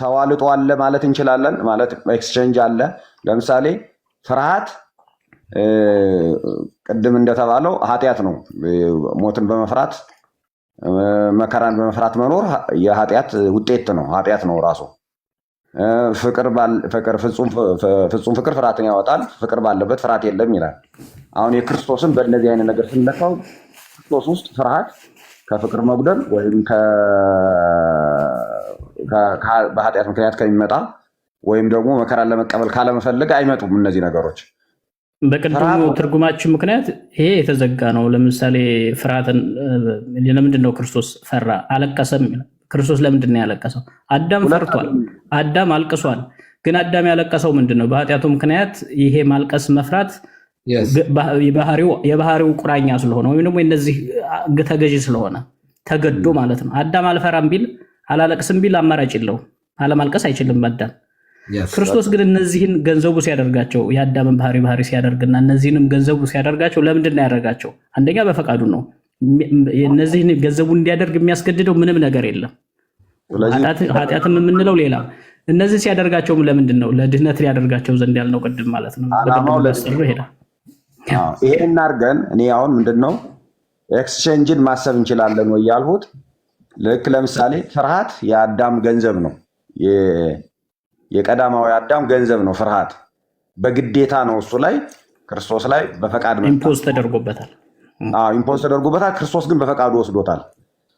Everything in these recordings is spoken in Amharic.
ተዋልጦ አለ ማለት እንችላለን። ማለት ኤክስቼንጅ አለ። ለምሳሌ ፍርሃት ቅድም እንደተባለው ኃጢአት ነው። ሞትን በመፍራት መከራን በመፍራት መኖር የኃጢአት ውጤት ነው። ኃጢአት ነው ራሱ። ፍጹም ፍቅር ፍርሃትን ያወጣል፣ ፍቅር ባለበት ፍርሃት የለም ይላል። አሁን የክርስቶስን በእነዚህ አይነት ነገር ስንለካው ክርስቶስ ውስጥ ፍርሃት ከፍቅር መጉደል ወይም በኃጢአት ምክንያት ከሚመጣ ወይም ደግሞ መከራን ለመቀበል ካለመፈለግ አይመጡም እነዚህ ነገሮች። በቅድሙ ትርጉማችን ምክንያት ይሄ የተዘጋ ነው። ለምሳሌ ፍርሃትን ለምንድን ነው ክርስቶስ ፈራ አለቀሰም? ክርስቶስ ለምንድን ነው ያለቀሰው? አዳም ፈርቷል፣ አዳም አልቅሷል። ግን አዳም ያለቀሰው ምንድን ነው? በኃጢአቱ ምክንያት ይሄ ማልቀስ መፍራት የባህሪው ቁራኛ ስለሆነ ወይም ደግሞ የነዚህ ተገዢ ስለሆነ ተገዶ hmm. ማለት ነው። አዳም አልፈራም ቢል አላለቅስም ቢል አማራጭ የለው፣ አለማልቀስ አይችልም አዳም። ክርስቶስ ግን እነዚህን ገንዘቡ ሲያደርጋቸው የአዳምን ባህሪ ባህሪ ሲያደርግና እነዚህንም ገንዘቡ ሲያደርጋቸው ለምንድን ነው ያደርጋቸው? አንደኛ በፈቃዱ ነው። እነዚህን ገንዘቡ እንዲያደርግ የሚያስገድደው ምንም ነገር የለም። ኃጢአትም የምንለው ሌላ እነዚህ ሲያደርጋቸውም ለምንድን ነው? ለድህነት ሊያደርጋቸው ዘንድ ያልነው ቅድም ማለት ነው። ይሄዳል ይሄን አድርገን እኔ አሁን ምንድን ነው ኤክስቼንጅን ማሰብ እንችላለን ወይ ያልሁት ልክ ለምሳሌ ፍርሃት የአዳም ገንዘብ ነው። የቀዳማዊ አዳም ገንዘብ ነው። ፍርሃት በግዴታ ነው። እሱ ላይ ክርስቶስ ላይ በፈቃድ ኢምፖዝ ተደርጎበታል። ኢምፖዝ ተደርጎበታል። ክርስቶስ ግን በፈቃዱ ወስዶታል።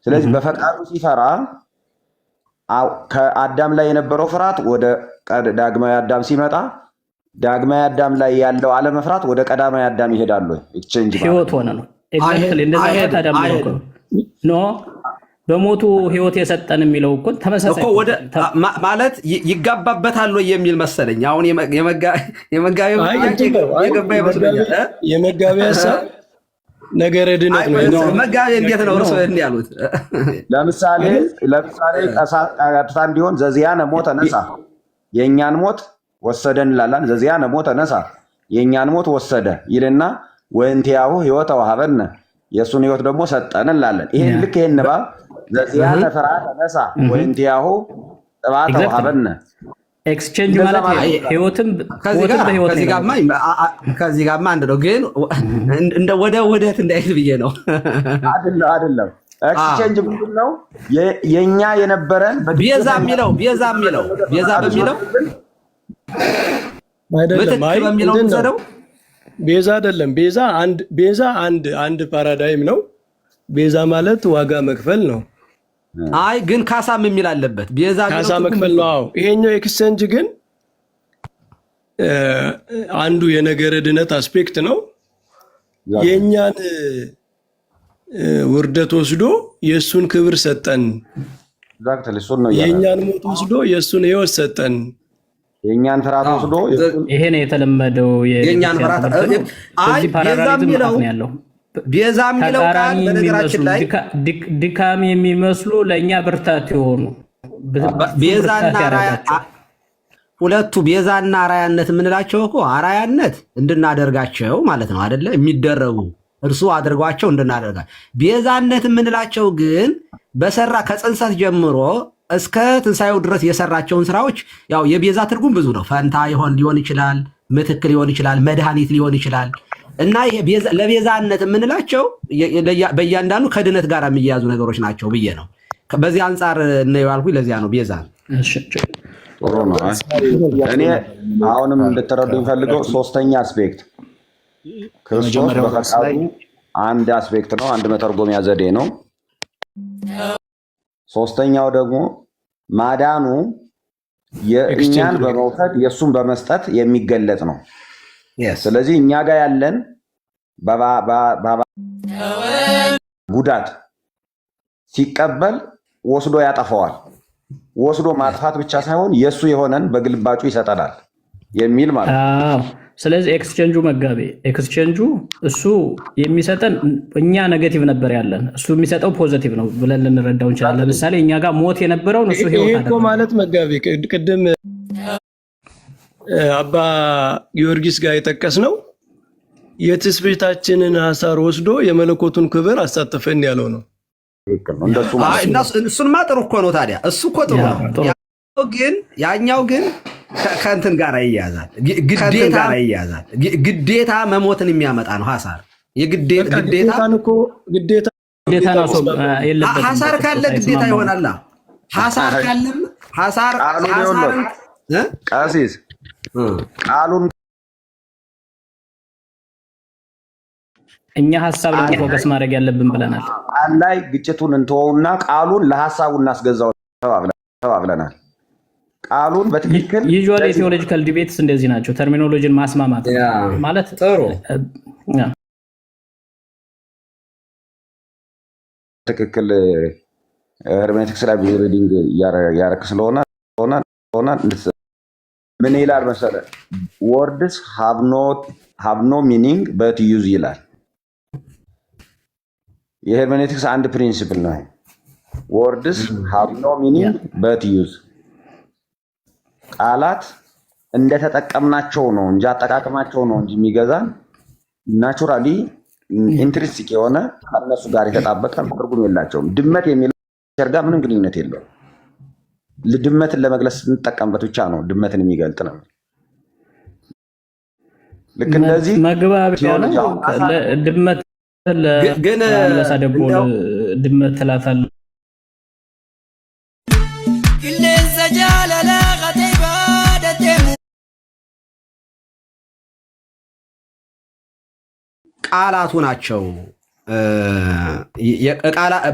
ስለዚህ በፈቃዱ ሲፈራ ከአዳም ላይ የነበረው ፍርሃት ወደ ዳግማዊ አዳም ሲመጣ ዳግማዊ አዳም ላይ ያለው አለመፍራት ወደ ቀዳማዊ አዳም ይሄዳሉ። ኤክስቼንጅ ህይወት ሆነ ነው በሞቱ ህይወት የሰጠን የሚለው እኮ ተመሳሳይ ማለት ይጋባበታል የሚል መሰለኝ። አሁን የመጋቢ የመጋቢ ሀሳብ ነገረ ድነት ነው። መጋቢ እንዴት ነው እርስ እንዲህ ያሉት? ለምሳሌ ለምሳሌ ቀጥታ እንዲሆን ዘዚያነ ሞተ ነሳ የእኛን ሞት ወሰደ እንላለን። ዘዚያነ ሞተ ነሳ የእኛን ሞት ወሰደ ይልና ወእንቲያሁ ህይወተ ወሀበነ የእሱን ህይወት ደግሞ ሰጠን እንላለን። ይህን ልክ ይህን ንባብ ዘዚያነ ፍርሃተ ነሳ ወእንቲአሁ ጥባተ ወሀበነ ኤክስቼንጅ ማለት ህይወትን ከዚህ ጋማ አንድ ነው፣ ግን ወደ ውህደት እንዳይል ብዬ ነው። አይደለም ኤክስቼንጅ ምንድን ነው? የእኛ የነበረን ቤዛ የሚለው ቤዛ የሚለው ቤዛ በሚለው ምትክ በሚለው ሰደው ቤዛ አይደለም። ቤዛ አንድ ቤዛ አንድ አንድ ፓራዳይም ነው። ቤዛ ማለት ዋጋ መክፈል ነው። አይ ግን ካሳም የሚል አለበት። ቤዛ ካሳ መክፈል ነው። አዎ ይሄኛው ኤክስቼንጅ ግን አንዱ የነገረ ድነት አስፔክት ነው። የእኛን ውርደት ወስዶ የእሱን ክብር ሰጠን። የእኛን ሞት ወስዶ የእሱን ህይወት ሰጠን። የእኛን ፍርሃት ወስዶ ይሄ ነው የተለመደው። የእኛን ፍርሃት አይ ቤዛ የሚለው ቤዛ የሚለው ቃል በነገራችን ላይ ድካም የሚመስሉ ለእኛ ብርታት የሆኑ ሁለቱ ቤዛና አራያነት የምንላቸው እኮ አራያነት እንድናደርጋቸው ማለት ነው አደለ? የሚደረጉ እርሱ አድርጓቸው እንድናደርጋ ቤዛነት የምንላቸው ግን በሰራ ከጽንሰት ጀምሮ እስከ ትንሣኤው ድረስ የሰራቸውን ስራዎች ያው የቤዛ ትርጉም ብዙ ነው። ፈንታ ሊሆን ይችላል፣ ምትክ ሊሆን ይችላል፣ መድኃኒት ሊሆን ይችላል እና ለቤዛነት የምንላቸው በእያንዳንዱ ከድነት ጋር የሚያያዙ ነገሮች ናቸው ብዬ ነው። በዚህ አንጻር ነው ያልኩኝ። ለዚያ ነው ቤዛ ነው። ጥሩ ነው። እኔ አሁንም እንድትረዱ የሚፈልገው ሶስተኛ አስፔክት ክርስቶስ በፈቃዱ አንድ አስፔክት ነው፣ አንድ መተርጎሚያ ዘዴ ነው። ሶስተኛው ደግሞ ማዳኑ የእኛን በመውሰድ የእሱን በመስጠት የሚገለጥ ነው። ስለዚህ እኛ ጋር ያለን ጉዳት ሲቀበል ወስዶ ያጠፈዋል። ወስዶ ማጥፋት ብቻ ሳይሆን የእሱ የሆነን በግልባጩ ይሰጠናል የሚል ማለት ነው። ስለዚህ ኤክስቼንጁ መጋቤ ኤክስቼንጁ እሱ የሚሰጠን እኛ ኔጌቲቭ ነበር ያለን እሱ የሚሰጠው ፖዘቲቭ ነው ብለን ልንረዳው እንችላለን። ለምሳሌ እኛ ጋር ሞት የነበረውን እሱ ህይወት ማለት መጋቤ ቅድም አባ ጊዮርጊስ ጋር የጠቀስ ነው የትስብእታችንን ሀሳር ወስዶ የመለኮቱን ክብር አሳተፈን ያለው ነው። እሱንማ ጥሩ እኮ ነው። ታዲያ እሱ እኮ ጥሩ ነው፣ ግን ያኛው ግን ከእንትን ጋር ይያዛል፣ ግዴታ መሞትን የሚያመጣ ነው። ሀሳር ሀሳር ካለ ግዴታ ይሆናላ። ሀሳር ካለም ሀሳር ቀሲስ ቃሉን እኛ ሀሳብ ላይ ፎከስ ማድረግ ያለብን ብለናል። ቃል ላይ ግጭቱን እንትወውና ቃሉን ለሀሳቡ እናስገዛው ተባብለናል። ቃሉን በትክክል ዩዥዋሊ የቴዎሎጂካል ዲቤትስ እንደዚህ ናቸው። ተርሚኖሎጂን ማስማማት ማለት ጥሩ ትክክል ሄርሜኔቲክስ ላይ ብዙ ሪዲንግ ያረክ ስለሆነ ሆነ ምን ይላል መሰለ ወርድስ ሃቭ ኖ ሚኒንግ በት ዩዝ ይላል። የሄርሜኔቲክስ አንድ ፕሪንሲፕል ነው። ወርድስ ሃቭ ኖ ሚኒንግ በት ዩዝ ቃላት እንደተጠቀምናቸው ነው እንጂ አጠቃቀማቸው ነው እንጂ የሚገዛን ናቹራሊ ኢንትሪስቲክ የሆነ ከነሱ ጋር የተጣበቀ ትርጉም የላቸውም። ድመት የሚለው ጋር ምንም ግንኙነት የለውም። ድመትን ለመግለጽ ስንጠቀምበት ብቻ ነው ድመትን የሚገልጥ ነው። ልክ እንደዚህ ቃላቱ ናቸው።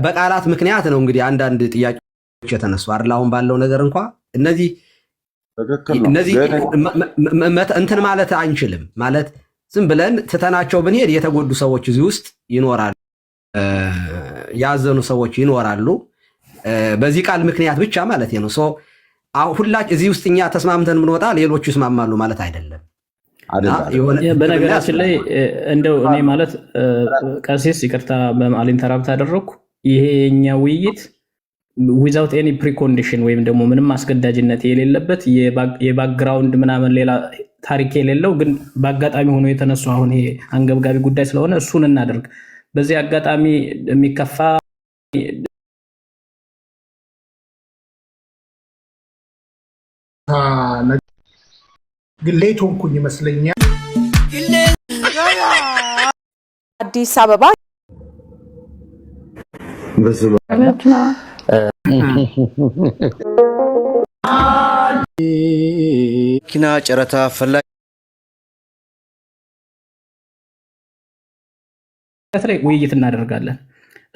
በቃላት ምክንያት ነው እንግዲህ አንዳንድ ጥያቄ የተነሱ አይደል? አሁን ባለው ነገር እንኳ እነዚህ እነዚህ እንትን ማለት አንችልም። ማለት ዝም ብለን ትተናቸው ብንሄድ የተጎዱ ሰዎች እዚህ ውስጥ ይኖራሉ፣ ያዘኑ ሰዎች ይኖራሉ። በዚህ ቃል ምክንያት ብቻ ማለት ነው። ሁላች እዚህ ውስጥ እኛ ተስማምተን ምንወጣ ሌሎቹ ይስማማሉ ማለት አይደለም። በነገራችን ላይ እንደው እኔ ማለት ቀሲስ ይቅርታ በማል ተራብት አደረግኩ ይሄ የኛ ውይይት ዊዛውት ኤኒ ፕሪኮንዲሽን ወይም ደግሞ ምንም አስገዳጅነት የሌለበት የባክግራውንድ ምናምን ሌላ ታሪክ የሌለው ግን በአጋጣሚ ሆኖ የተነሱ አሁን ይሄ አንገብጋቢ ጉዳይ ስለሆነ እሱን እናደርግ። በዚህ አጋጣሚ የሚከፋ ግሌት ሆንኩኝ ይመስለኛል። አዲስ አበባ መኪና ጨረታ ፈላጊ ውይይት እናደርጋለን።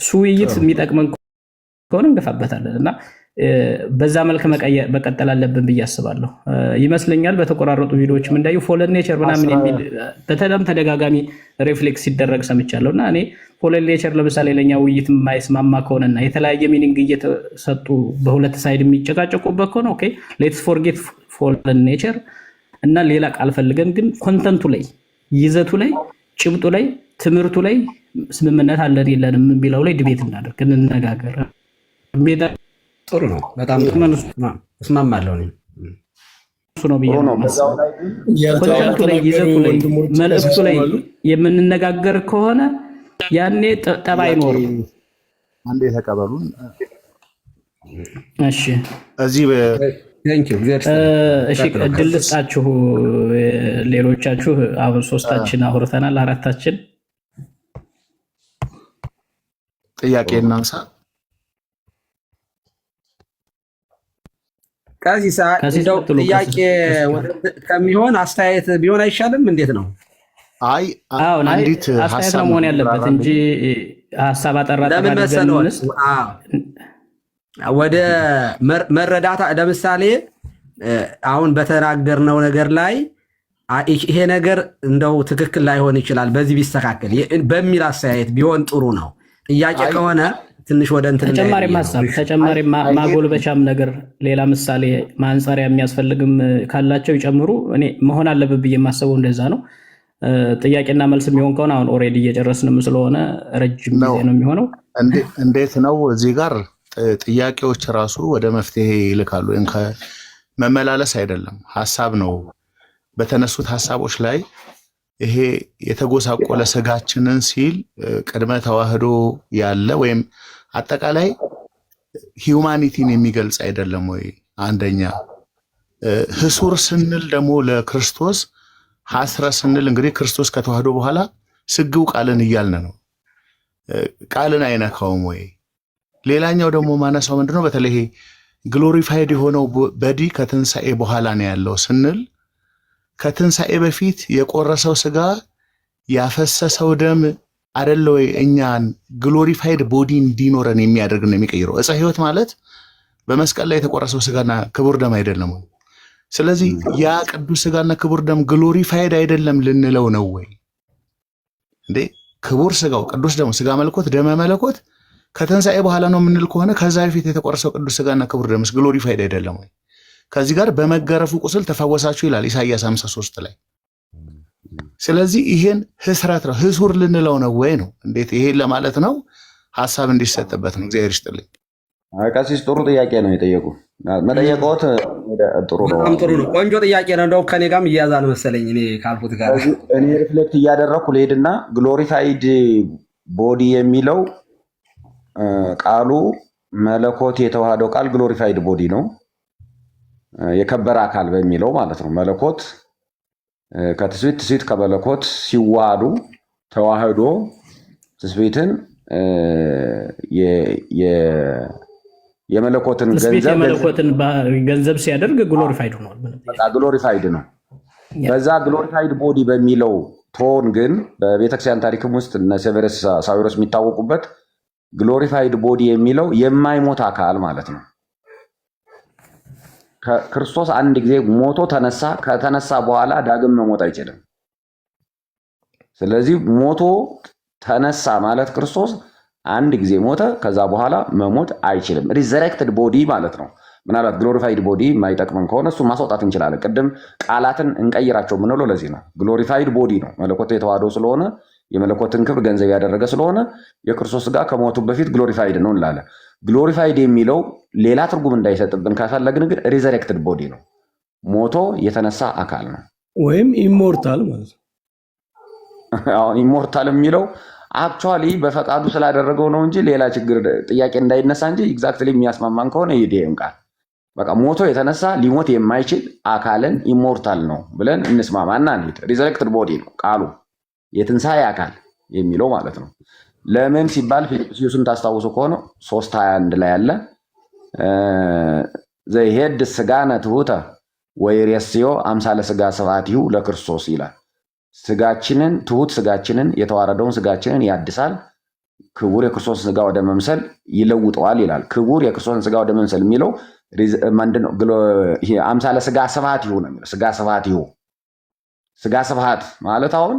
እሱ ውይይት የሚጠቅመን ከሆነ እንገፋበታለን እና በዛ መልክ መቀጠል አለብን ብዬ አስባለሁ። ይመስለኛል በተቆራረጡ ቪዲዎች እንዳየሁ ፎለን ኔቸር ምናምን የሚል በተለም ተደጋጋሚ ሬፍሌክስ ሲደረግ ሰምቻለሁ እና እኔ ፎለን ኔቸር ለምሳሌ ለኛ ውይይት የማይስማማ ከሆነና የተለያየ ሚኒንግ እየተሰጡ በሁለት ሳይድ የሚጨቃጨቁበት ከሆነ ኦኬ ሌትስ ፎርጌት ፎለን ኔቸር እና ሌላ ቃል ፈልገን ግን ኮንተንቱ ላይ ይዘቱ ላይ ጭብጡ ላይ ትምህርቱ ላይ ስምምነት አለን የለንም የሚለው ላይ ድቤት እናደርግ እንነጋገር ጥሩ ነው። በጣም ጥሩ ነው። እስማማለሁ እኔ እሱ ነው ብዬ ላይ መልእክቱ ላይ የምንነጋገር ከሆነ ያኔ ጠብ አይኖርም። አንዴ ተቀበሉን። እሺ፣ እዚህ እሺ፣ እድል ልስጣችሁ። ሌሎቻችሁ አሁን ሶስታችን አውርተናል። አራታችን ጥያቄ እናንሳ። ከዚህ ሰዓት ጥያቄ ከሚሆን አስተያየት ቢሆን አይሻልም? እንዴት ነው? አይ አንዲት አስተያየት ነው መሆን ያለበት እንጂ ሀሳብ አጠራ ለምን ወደ መረዳት ለምሳሌ አሁን በተናገርነው ነገር ላይ ይሄ ነገር እንደው ትክክል ላይሆን ይችላል፣ በዚህ ቢስተካከል በሚል አስተያየት ቢሆን ጥሩ ነው። ጥያቄ ከሆነ ትንሽ ወደ እንትን ተጨማሪ ማሳብ ተጨማሪ ማጎልበቻም ነገር ሌላ ምሳሌ ማንጻሪያ የሚያስፈልግም ካላቸው ይጨምሩ። እኔ መሆን አለበት ብዬ የማስበው እንደዛ ነው። ጥያቄና መልስ የሚሆን ከሆነ አሁን ኦልሬዲ እየጨረስንም ስለሆነ ረጅም ጊዜ ነው የሚሆነው። እንዴት ነው እዚህ ጋር ጥያቄዎች ራሱ ወደ መፍትሄ ይልካሉ። መመላለስ አይደለም ሀሳብ ነው። በተነሱት ሀሳቦች ላይ ይሄ የተጎሳቆለ ስጋችንን ሲል ቅድመ ተዋህዶ ያለ ወይም አጠቃላይ ሂዩማኒቲን የሚገልጽ አይደለም ወይ? አንደኛ ህሱር ስንል ደግሞ ለክርስቶስ ሀስረ ስንል እንግዲህ ክርስቶስ ከተዋህዶ በኋላ ስግው ቃልን እያልን ነው። ቃልን አይነካውም ወይ? ሌላኛው ደግሞ ማነሳው ምንድነው በተለይ ግሎሪፋይድ የሆነው በዲ ከትንሣኤ በኋላ ነው ያለው ስንል ከትንሣኤ በፊት የቆረሰው ስጋ ያፈሰሰው ደም አደለ ወይ እኛን ግሎሪፋይድ ቦዲ እንዲኖረን የሚያደርግ ነው የሚቀይረው። ዕፀ ህይወት ማለት በመስቀል ላይ የተቆረሰው ስጋና ክቡር ደም አይደለም ወይ? ስለዚህ ያ ቅዱስ ስጋና ክቡር ደም ግሎሪፋይድ አይደለም ልንለው ነው ወይ? እንዴ ክቡር ስጋው ቅዱስ ደሙ ስጋ መለኮት ደመ መለኮት ከትንሣኤ በኋላ ነው የምንል ከሆነ ከዛ በፊት የተቆረሰው ቅዱስ ስጋና ክቡር ደምስ ግሎሪፋይድ አይደለም ወይ? ከዚህ ጋር በመገረፉ ቁስል ተፈወሳችሁ ይላል ኢሳይያስ 53 ላይ። ስለዚህ ይሄን ህስረት ነው ህሱር ልንለው ነው ወይ ነው እንዴት ይሄን ለማለት ነው ሀሳብ እንዲሰጥበት ነው። እግዚአብሔር ይስጥልኝ። ቀሲስ ጥሩ ጥያቄ ነው የጠየቁ መጠየቅዎት ጥሩ ነው። ቆንጆ ጥያቄ ነው። እንደውም ከኔ ጋርም እያያዛል መሰለኝ እኔ ካልኩት ጋር እኔ ሪፍሌክት እያደረግኩ ልሄድና ግሎሪፋይድ ቦዲ የሚለው ቃሉ መለኮት የተዋህደው ቃል ግሎሪፋይድ ቦዲ ነው የከበረ አካል በሚለው ማለት ነው። መለኮት ከትስቢት ትስቢት ከመለኮት ሲዋሃዱ ተዋህዶ ትስቢትን የመለኮትን ገንዘብ ሲያደርግ ግሎሪፋይድ ነው፣ ግሎሪፋይድ ነው። በዛ ግሎሪፋይድ ቦዲ በሚለው ቶን ግን በቤተክርስቲያን ታሪክም ውስጥ እነ ሴቨረስ ሳዊሮስ የሚታወቁበት ግሎሪፋይድ ቦዲ የሚለው የማይሞት አካል ማለት ነው። ክርስቶስ አንድ ጊዜ ሞቶ ተነሳ። ከተነሳ በኋላ ዳግም መሞት አይችልም። ስለዚህ ሞቶ ተነሳ ማለት ክርስቶስ አንድ ጊዜ ሞተ፣ ከዛ በኋላ መሞት አይችልም። ሪዘረክትድ ቦዲ ማለት ነው። ምናልባት ግሎሪፋይድ ቦዲ የማይጠቅመን ከሆነ እሱ ማስወጣት እንችላለን። ቅድም ቃላትን እንቀይራቸው የምንለው ለዚህ ነው። ግሎሪፋይድ ቦዲ ነው መለኮት የተዋህዶ ስለሆነ የመለኮትን ክብር ገንዘብ ያደረገ ስለሆነ የክርስቶስ ስጋ ከሞቱ በፊት ግሎሪፋይድ ነው እንላለን። ግሎሪፋይድ የሚለው ሌላ ትርጉም እንዳይሰጥብን ካፈለግን ግን ሪዘሬክትድ ቦዲ ነው፣ ሞቶ የተነሳ አካል ነው ወይም ኢሞርታል ማለት ነው። ኢሞርታል የሚለው አክቹዋሊ በፈቃዱ ስላደረገው ነው እንጂ ሌላ ችግር ጥያቄ እንዳይነሳ እንጂ ኤግዛክትሊ የሚያስማማን ከሆነ ይዲም ቃል በቃ ሞቶ የተነሳ ሊሞት የማይችል አካልን ኢሞርታል ነው ብለን እንስማማ እና እንሂድ። ሪዘሬክትድ ቦዲ ነው ቃሉ። የትንሣኤ አካል የሚለው ማለት ነው። ለምን ሲባል ፊልጵስዩስን ታስታውሱ ከሆነ ሶስት ሀያ አንድ ላይ ያለ ዘይሄድ ስጋነ ትሑተ ወይሬስዮ አምሳለ ስጋ ስብሐቲሁ ለክርስቶስ ይላል። ስጋችንን ትሁት ስጋችንን የተዋረደውን ስጋችንን ያድሳል፣ ክቡር የክርስቶስን ስጋ ወደ መምሰል ይለውጠዋል ይላል። ክቡር የክርስቶስን ስጋ ወደ መምሰል የሚለው አምሳለ ስጋ ስብሐቲሁ ነው የሚለው። ስጋ ስብሐቲሁ ስጋ ስብሐት ማለት አሁን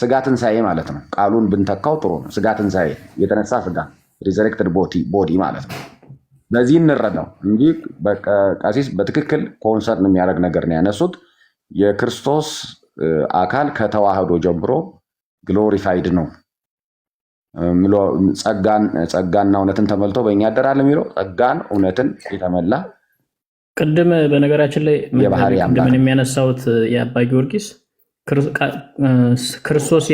ስጋ ትንሣኤ ማለት ነው። ቃሉን ብንተካው ጥሩ ነው። ስጋ ትንሣኤ የተነሳ ስጋ ሪዘሬክትድ ቦዲ ማለት ነው። በዚህ እንረዳው እንጂ ቀሲስ በትክክል ኮንሰርን የሚያደርግ ነገር ነው ያነሱት። የክርስቶስ አካል ከተዋህዶ ጀምሮ ግሎሪፋይድ ነው። ጸጋና እውነትን ተመልቶ በእኛ ያደራል የሚለው ጸጋን እውነትን የተመላ ቅድም በነገራችን ላይ የባህሪ የሚያነሳውት የአባ ጊዮርጊስ ክርስቶስ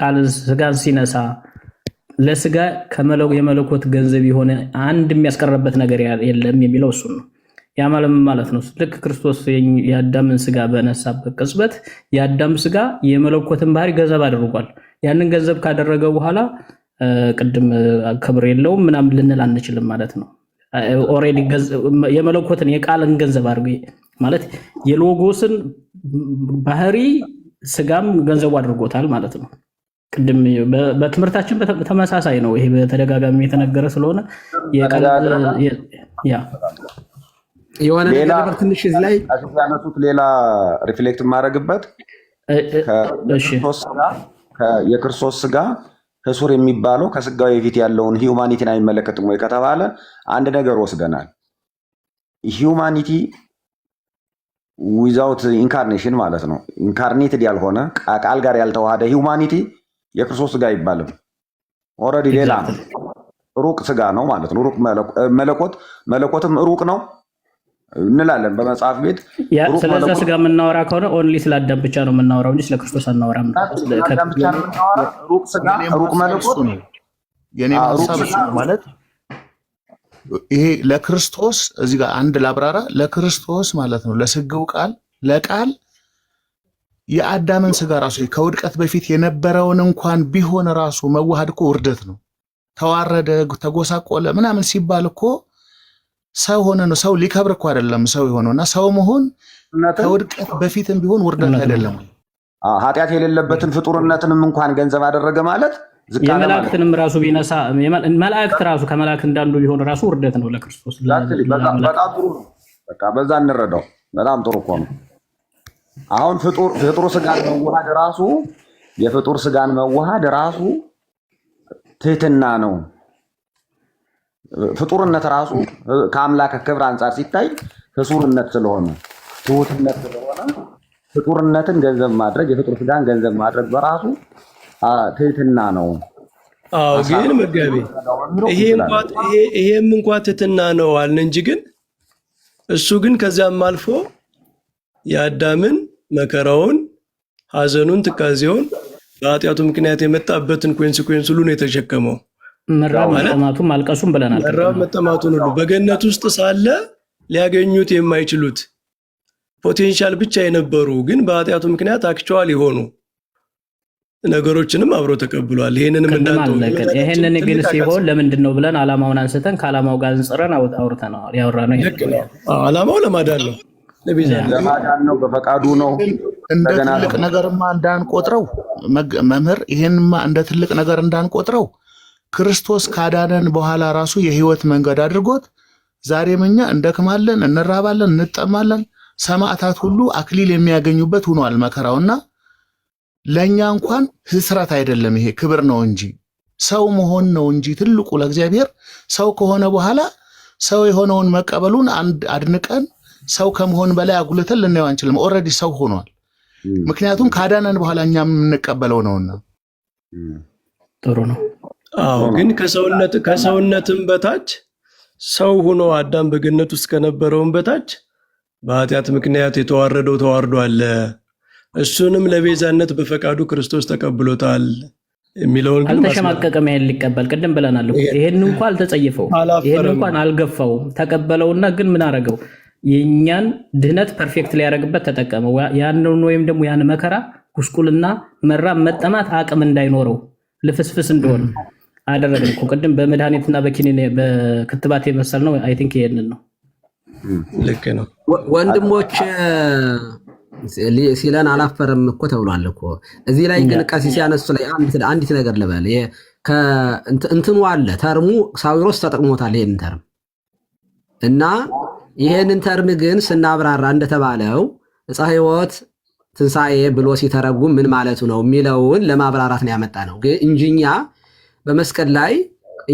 ቃል ስጋን ሲነሳ ለስጋ የመለኮት ገንዘብ የሆነ አንድ የሚያስቀረበት ነገር የለም የሚለው እሱ ነው። ያ ማለት ነው ልክ ክርስቶስ የአዳምን ስጋ በነሳበት ቅጽበት የአዳም ስጋ የመለኮትን ባህሪ ገንዘብ አድርጓል። ያንን ገንዘብ ካደረገ በኋላ ቅድም ክብር የለውም ምናምን ልንል አንችልም ማለት ነው። ኦልሬዲ የመለኮትን የቃልን ገንዘብ አድርጎ ማለት የሎጎስን ባህሪ ስጋም ገንዘቡ አድርጎታል ማለት ነው። ቅድም በትምህርታችን ተመሳሳይ ነው። ይሄ በተደጋጋሚ የተነገረ ስለሆነ የሆነ ነገር ትንሽ እዚህ ላይ ያነሱት ሌላ ሪፍሌክት የማደርግበት የክርስቶስ ስጋ ህሱር የሚባለው ከስጋዊ የፊት ያለውን ሂዩማኒቲን አይመለከትም ወይ ከተባለ አንድ ነገር ወስደናል ሂዩማኒቲ ዊዛውት ኢንካርኔሽን ማለት ነው። ኢንካርኔትድ ያልሆነ ቃል ጋር ያልተዋሃደ ሂውማኒቲ የክርስቶስ ስጋ አይባልም። ኦልሬዲ ሌላ ነው፣ ሩቅ ስጋ ነው ማለት ነው። ሩቅ መለኮት መለኮትም ሩቅ ነው እንላለን በመጽሐፍ ቤት። ስለዚ ስጋ የምናወራ ከሆነ ኦንሊ ስለ አዳም ብቻ ነው የምናወራው እንጂ ስለ ክርስቶስ አናወራም። ሩቅ ስጋ ሩቅ መለኮት ይሄ ለክርስቶስ እዚህ ጋር አንድ ላብራራ። ለክርስቶስ ማለት ነው ለስግው ቃል ለቃል የአዳምን ስጋ ራሱ ከውድቀት በፊት የነበረውን እንኳን ቢሆን ራሱ መዋሃድ እኮ ውርደት ነው። ተዋረደ፣ ተጎሳቆለ ምናምን ሲባል እኮ ሰው ሆነ ነው። ሰው ሊከብር እኮ አይደለም ሰው የሆነው እና ሰው መሆን ከውድቀት በፊትም ቢሆን ውርደት አይደለም። ኃጢአት የሌለበትን ፍጡርነትንም እንኳን ገንዘብ አደረገ ማለት የመላእክትንም ራሱ ቢነሳ መላእክት ራሱ ከመላእክት እንዳንዱ ቢሆን ራሱ ውርደት ነው ለክርስቶስ። በጣም ጥሩ ነው። በቃ በዛ እንረዳው። በጣም ጥሩ እኮ ነው። አሁን ፍጡር ስጋን መዋሃድ ራሱ የፍጡር ስጋን መዋሃድ ራሱ ትህትና ነው። ፍጡርነት ራሱ ከአምላክ ክብር አንጻር ሲታይ ህሱርነት ስለሆነ ትሁትነት ስለሆነ ፍጡርነትን ገንዘብ ማድረግ የፍጡር ስጋን ገንዘብ ማድረግ በራሱ ትህትና ነው። አዎ ግን መጋቢ ይሄም እንኳ ትህትና ነው አልን እንጂ ግን እሱ ግን ከዚያም አልፎ የአዳምን መከራውን፣ ሐዘኑን፣ ትካዜውን በኃጢአቱ ምክንያት የመጣበትን ኮንሲኩዌንስ ሁሉ ነው የተሸከመው። መራብ መጠማቱን ማልቀሱን ብለናል። መራብ መጠማቱን ሁሉ በገነት ውስጥ ሳለ ሊያገኙት የማይችሉት ፖቴንሻል ብቻ የነበሩ ግን በኃጢአቱ ምክንያት አክቸዋል የሆኑ ነገሮችንም አብሮ ተቀብሏል። ይህንንም ይህንን ግን ሲሆን ለምንድን ነው ብለን አላማውን አንስተን ከአላማው ጋር ንጽረን አውርተነዋል። ያወራ ነው አላማው ለማዳን ነው ለማዳን ነው በፈቃዱ ነው። እንደ ትልቅ ነገርማ እንዳንቆጥረው መምህር፣ ይህንማ እንደ ትልቅ ነገር እንዳንቆጥረው ክርስቶስ ካዳነን በኋላ ራሱ የህይወት መንገድ አድርጎት ዛሬም እኛ እንደክማለን፣ እንራባለን፣ እንጠማለን። ሰማዕታት ሁሉ አክሊል የሚያገኙበት ሆኗል መከራውና ለእኛ እንኳን ህስረት አይደለም፣ ይሄ ክብር ነው እንጂ ሰው መሆን ነው እንጂ ትልቁ ለእግዚአብሔር ሰው ከሆነ በኋላ ሰው የሆነውን መቀበሉን አንድ አድንቀን ሰው ከመሆን በላይ አጉልተን ልናየው አንችልም። ኦልሬዲ ሰው ሆኗል። ምክንያቱም ካዳነን በኋላ እኛ የምንቀበለው ነውና ጥሩ ነው። አዎ፣ ግን ከሰውነትም በታች ሰው ሆኖ አዳም በገነት ውስጥ ከነበረውም በታች በኃጢአት ምክንያት የተዋረደው ተዋርዶ አለ እሱንም ለቤዛነት በፈቃዱ ክርስቶስ ተቀብሎታል የሚለውን አልተሸማቀቀም። ይሄን ሊቀበል ቅድም ብለናል። ይሄን እንኳ አልተጸየፈው፣ ይሄን እንኳን አልገፋው። ተቀበለውና ግን ምን አረገው? የእኛን ድህነት ፐርፌክት ሊያደረግበት ተጠቀመው። ያንን ወይም ደግሞ ያን መከራ፣ ጉስቁልና፣ መራ መጠማት አቅም እንዳይኖረው ልፍስፍስ እንደሆነ አደረገ እኮ ቅድም በመድኃኒትና በኪኒን በክትባት የመሰል ነው። አይ ቲንክ ይሄንን ነው። ልክ ነው ወንድሞች ሲለን አላፈረም እኮ ተብሏል እኮ። እዚህ ላይ ግን ቀሲ ሲያነሱ ላይ አንዲት ነገር ልበል። እንትኑ አለ ተርሙ ሳዊሮስ ተጠቅሞታል ይሄንን ተርም እና ይሄንን ተርም ግን ስናብራራ እንደተባለው ዕፀ ህይወት ትንሣኤ ብሎ ሲተረጉም ምን ማለቱ ነው የሚለውን ለማብራራት ነው ያመጣ ነው እንጂ እኛ በመስቀል ላይ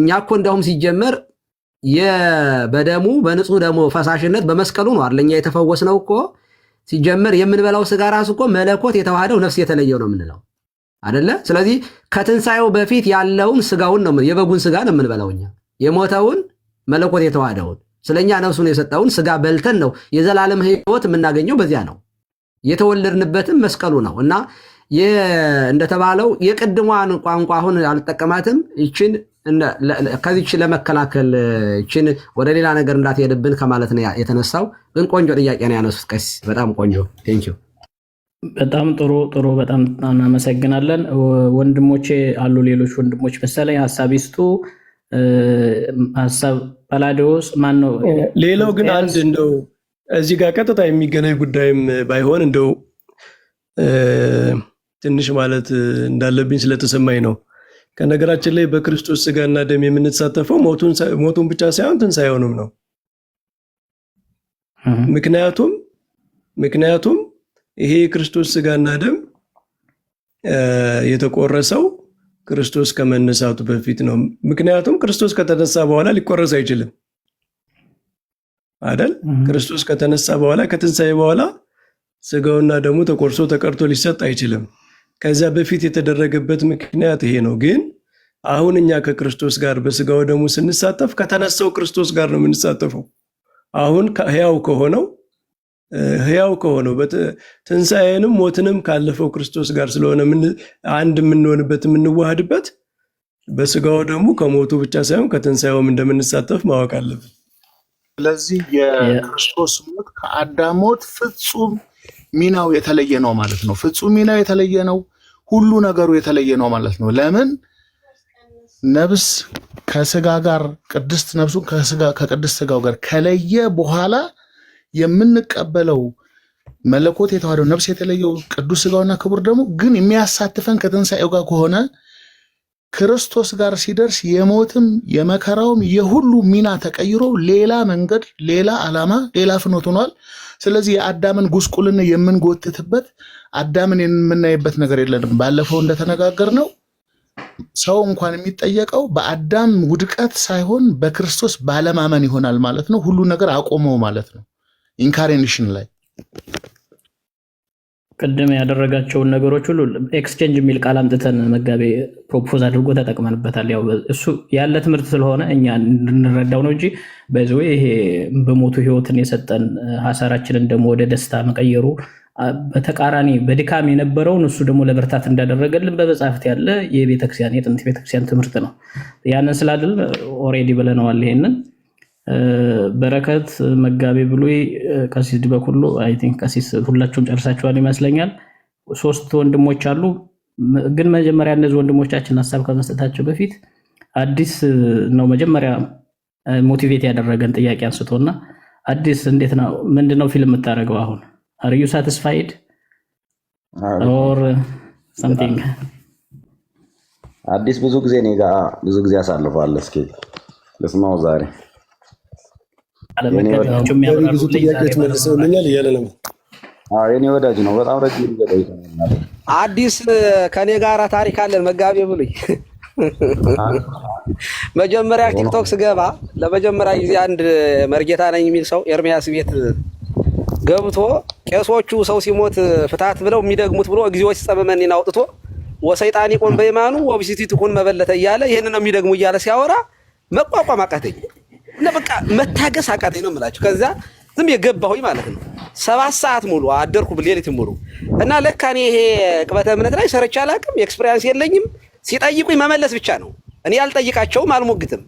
እኛ እኮ እንዳውም ሲጀመር በደሙ በንጹህ ደሙ ፈሳሽነት በመስቀሉ ነው አለኛ የተፈወስ ነው እኮ ሲጀምር የምንበላው ስጋ ራሱ እኮ መለኮት የተዋህደው ነፍስ የተለየው ነው የምንለው አደለ? ስለዚህ ከትንሣኤው በፊት ያለውን ስጋውን ነው የበጉን ስጋ ነው የምንበላው እኛ የሞተውን መለኮት የተዋህደውን ስለኛ ነፍሱን የሰጠውን ስጋ በልተን ነው የዘላለም ህይወት የምናገኘው። በዚያ ነው የተወለድንበትም መስቀሉ ነው እና እንደተባለው የቅድሟን ቋንቋ አሁን አልጠቀማትም ይችን ከዚች ለመከላከል ችን ወደ ሌላ ነገር እንዳትሄድብን ከማለት ነው የተነሳው። ግን ቆንጆ ጥያቄ ነው ያነሱት ቀሲስ፣ በጣም ቆንጆ ቴንኪው። በጣም ጥሩ ጥሩ፣ በጣም እናመሰግናለን ወንድሞቼ። አሉ ሌሎች ወንድሞች መሰለኝ ሀሳብ ይስጡ። ሀሳብ ጳላዲዎስ ማን ነው? ሌላው ግን አንድ እንደው እዚህ ጋር ቀጥታ የሚገናኝ ጉዳይም ባይሆን እንደው ትንሽ ማለት እንዳለብኝ ስለተሰማኝ ነው ከነገራችን ላይ በክርስቶስ ስጋና ደም የምንሳተፈው ሞቱን ብቻ ሳይሆን ትንሣኤውንም ነው። ምክንያቱም ምክንያቱም ይሄ የክርስቶስ ስጋና ደም የተቆረሰው ክርስቶስ ከመነሳቱ በፊት ነው። ምክንያቱም ክርስቶስ ከተነሳ በኋላ ሊቆረስ አይችልም አደል? ክርስቶስ ከተነሳ በኋላ ከትንሣኤ በኋላ ስጋውና ደሙ ተቆርሶ ተቀርቶ ሊሰጥ አይችልም። ከዚያ በፊት የተደረገበት ምክንያት ይሄ ነው። ግን አሁን እኛ ከክርስቶስ ጋር በስጋ ደግሞ ስንሳተፍ ከተነሳው ክርስቶስ ጋር ነው የምንሳተፈው። አሁን ህያው ከሆነው ህያው ከሆነው ትንሣኤንም ሞትንም ካለፈው ክርስቶስ ጋር ስለሆነ አንድ የምንሆንበት የምንዋሃድበት በስጋው ደግሞ ከሞቱ ብቻ ሳይሆን ከትንሣኤውም እንደምንሳተፍ ማወቅ አለብን። ስለዚህ የክርስቶስ ሞት ከአዳም ሞት ፍጹም ሚናው የተለየ ነው ማለት ነው። ፍጹም ሚናው የተለየ ነው። ሁሉ ነገሩ የተለየ ነው ማለት ነው። ለምን ነብስ ከስጋ ጋር ቅድስት ነብሱን ከስጋ ከቅድስት ስጋው ጋር ከለየ በኋላ የምንቀበለው መለኮት የተዋህደው ነብስ የተለየው ቅዱስ ስጋውና ክቡር ደግሞ ግን የሚያሳትፈን ከትንሣኤው ጋር ከሆነ ክርስቶስ ጋር ሲደርስ የሞትም የመከራውም የሁሉ ሚና ተቀይሮ ሌላ መንገድ፣ ሌላ ዓላማ፣ ሌላ ፍኖት ሆኗል። ስለዚህ የአዳምን ጉስቁልና የምንጎትትበት አዳምን የምናይበት ነገር የለንም። ባለፈው እንደተነጋገር ነው ሰው እንኳን የሚጠየቀው በአዳም ውድቀት ሳይሆን በክርስቶስ ባለማመን ይሆናል ማለት ነው። ሁሉ ነገር አቆመው ማለት ነው ኢንካሬኔሽን ላይ ቅድም ያደረጋቸውን ነገሮች ሁሉ ኤክስቼንጅ የሚል ቃል አምጥተን መጋቤ ፕሮፖዝ አድርጎ ተጠቅመንበታል። ያው እሱ ያለ ትምህርት ስለሆነ እኛ እንድንረዳው ነው እንጂ በዚ ይሄ በሞቱ ህይወትን የሰጠን ሀሳራችንን ደግሞ ወደ ደስታ መቀየሩ በተቃራኒ በድካም የነበረውን እሱ ደግሞ ለብርታት እንዳደረገልን በመጽሐፍት ያለ የቤተክርስቲያን የጥንት ቤተክርስቲያን ትምህርት ነው። ያንን ስላድል ኦሬዲ ብለነዋል ይሄንን በረከት መጋቤ ብሉይ ቀሲስ ድበኩሎ አይ ቲንክ ቀሲስ ሁላችሁም ጨርሳችኋል ይመስለኛል። ሶስት ወንድሞች አሉ። ግን መጀመሪያ እነዚህ ወንድሞቻችን ሀሳብ ከመስጠታቸው በፊት አዲስ ነው መጀመሪያ ሞቲቬት ያደረገን ጥያቄ አንስቶ እና አዲስ እንዴት ነው ምንድን ነው ፊልም የምታደርገው አሁን? አርዩ ሳትስፋይድ ሳቲስፋይድ ኦር ሰምቲንግ? አዲስ ብዙ ጊዜ እኔ ጋ ብዙ ጊዜ አሳልፏል። እስኪ ልስማው ዛሬ ብዙ ጥያቄዎች መልሰውልኛል እያለ ነው። የኔ ወዳጅ ነው። በጣም ረጅም አዲስ ከኔ ጋራ ታሪክ አለን። መጋቤ ብሉይ መጀመሪያ ቲክቶክ ስገባ ለመጀመሪያ ጊዜ አንድ መርጌታ ነኝ የሚል ሰው ኤርሚያስ ቤት ገብቶ ቄሶቹ ሰው ሲሞት ፍታት ብለው የሚደግሙት ብሎ እግዚኦች ጸበመኔን አውጥቶ ወሰይጣን ይቆን በይማኑ ወብሲቲ ትኩን መበለተ እያለ ይህን ነው የሚደግሙ እያለ ሲያወራ መቋቋም አቃተኝ። እና በቃ መታገስ አቃተኝ ነው የምላችሁ። ከዛ ዝም የገባሁኝ ማለት ነው። ሰባት ሰዓት ሙሉ አደርኩ ሌሊት ሙሉ እና ለካ እኔ ይሄ ቅበተ እምነት ላይ ሰርቼ አላውቅም፣ ኤክስፔሪያንስ የለኝም። ሲጠይቁኝ መመለስ ብቻ ነው። እኔ አልጠይቃቸውም፣ አልሞግትም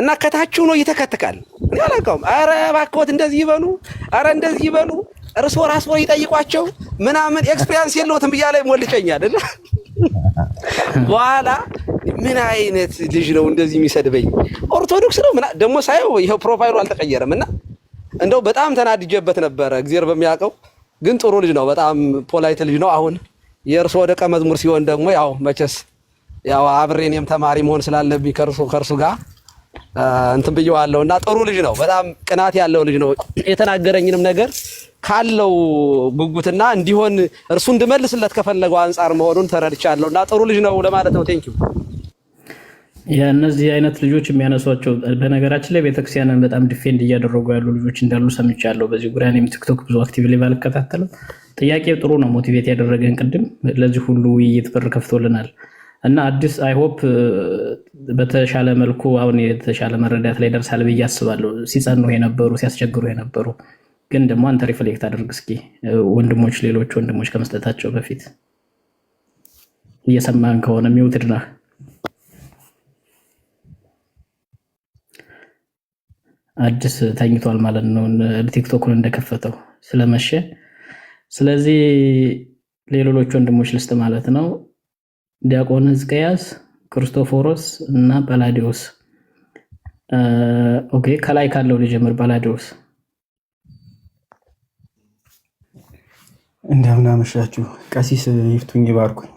እና ከታችሁ ነው ይተከትካል። እኔ አላውቀውም። አረ እባክዎት እንደዚህ ይበሉ፣ አረ እንደዚህ ይበሉ፣ ራስ ራስዎ ይጠይቋቸው ምናምን ኤክስፔሪያንስ የለውትም ብያ ላይ ሞልጨኛል እና በኋላ ምን አይነት ልጅ ነው እንደዚህ የሚሰድበኝ? ኦርቶዶክስ ነው ምና ደግሞ ሳየው ይኸው ፕሮፋይሉ አልተቀየረም እና እንደው በጣም ተናድጀበት ነበረ። እግዚአብሔር በሚያውቀው ግን ጥሩ ልጅ ነው፣ በጣም ፖላይት ልጅ ነው። አሁን የእርሶ ደቀ መዝሙር ሲሆን ደግሞ ያው መቼስ ያው አብሬ እኔም ተማሪ መሆን ስላለብኝ ከእርሱ ጋር እንትን ብየዋለሁ እና ጥሩ ልጅ ነው። በጣም ቅናት ያለው ልጅ ነው። የተናገረኝንም ነገር ካለው ጉጉትና እንዲሆን እርሱ እንድመልስለት ከፈለገው አንጻር መሆኑን ተረድቻለሁ እና ጥሩ ልጅ ነው ለማለት ነው። ቴንኪው። የእነዚህ አይነት ልጆች የሚያነሷቸው በነገራችን ላይ ቤተክርስቲያንን በጣም ዲፌንድ እያደረጉ ያሉ ልጆች እንዳሉ ሰምቻለሁ። በዚህ ጉዳይ እኔም ቲክቶክ ብዙ አክቲቭ ላይ ባልከታተልም ጥያቄ ጥሩ ነው። ሞቲቬት ያደረገን ቅድም ለዚህ ሁሉ ውይይት በር ከፍቶልናል። እና አዲስ አይሆፕ uh, በተሻለ መልኩ አሁን የተሻለ መረዳት ላይ ደርሳል ብዬ አስባለሁ። ሲጸኑ የነበሩ ሲያስቸግሩ የነበሩ ግን ደግሞ አንተ ሪፍሌክት አድርግ እስኪ ወንድሞች፣ ሌሎች ወንድሞች ከመስጠታቸው በፊት እየሰማን ከሆነ ሚውትድ ነህ። አዲስ ተኝቷል ማለት ነው፣ ቲክቶኩን እንደከፈተው ስለመሸ። ስለዚህ ሌሎች ወንድሞች ልስጥ ማለት ነው። ዲያቆን ህዝቅያስ፣ ክርስቶፎሮስ እና ባላዲዎስ። ኦኬ ከላይ ካለው ልጀምር። ባላዲዎስ እንደምን መሻችሁ ቀሲስ ይፍቱኝ ይባርኩኝ።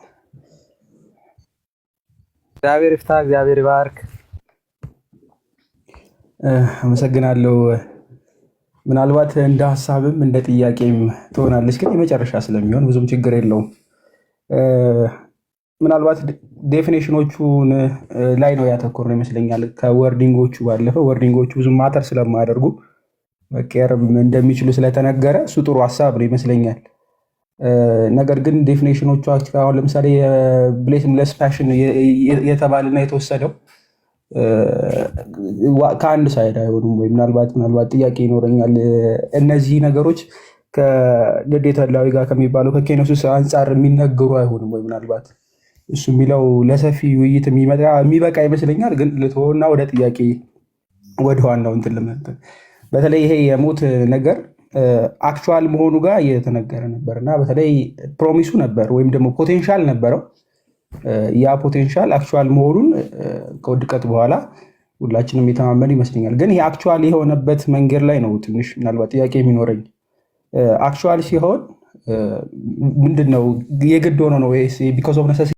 እግዚአብሔር ይፍታ፣ እግዚአብሔር ይባርክ። አመሰግናለሁ። ምናልባት እንደ ሀሳብም እንደ ጥያቄም ትሆናለች፣ ግን የመጨረሻ ስለሚሆን ብዙም ችግር የለውም። ምናልባት ዴፊኔሽኖቹን ላይ ነው ያተኮር ነው ይመስለኛል። ከወርዲንጎቹ ባለፈ ወርዲንጎቹ ብዙ ማተር ስለማያደርጉ መቀየር እንደሚችሉ ስለተነገረ እሱ ጥሩ ሀሳብ ነው ይመስለኛል። ነገር ግን ዴፊኔሽኖቹ አሁን ለምሳሌ የብሌትለስ ፋሽን የተባለና የተወሰደው ከአንድ ሳይድ አይሆኑም ወይ? ምናልባት ምናልባት ጥያቄ ይኖረኛል። እነዚህ ነገሮች ከግዴታ ጋር ከሚባለው ከኬነሱስ አንጻር የሚነገሩ አይሆንም ወይ ምናልባት እሱ የሚለው ለሰፊ ውይይት የሚበቃ ይመስለኛል። ግን ልትሆና ወደ ጥያቄ ወደ ዋናው እንትን ልመጥን በተለይ ይሄ የሞት ነገር አክቹዋል መሆኑ ጋር እየተነገረ ነበር እና በተለይ ፕሮሚሱ ነበር ወይም ደግሞ ፖቴንሻል ነበረው። ያ ፖቴንሻል አክቹዋል መሆኑን ከውድቀት በኋላ ሁላችንም የተማመን ይመስለኛል። ግን ይሄ አክቹዋል የሆነበት መንገድ ላይ ነው ትንሽ ምናልባት ጥያቄ የሚኖረኝ አክቹዋል ሲሆን ምንድን ነው የግድ ሆኖ ነው ቢኮዝ ኦፍ ነሰሲ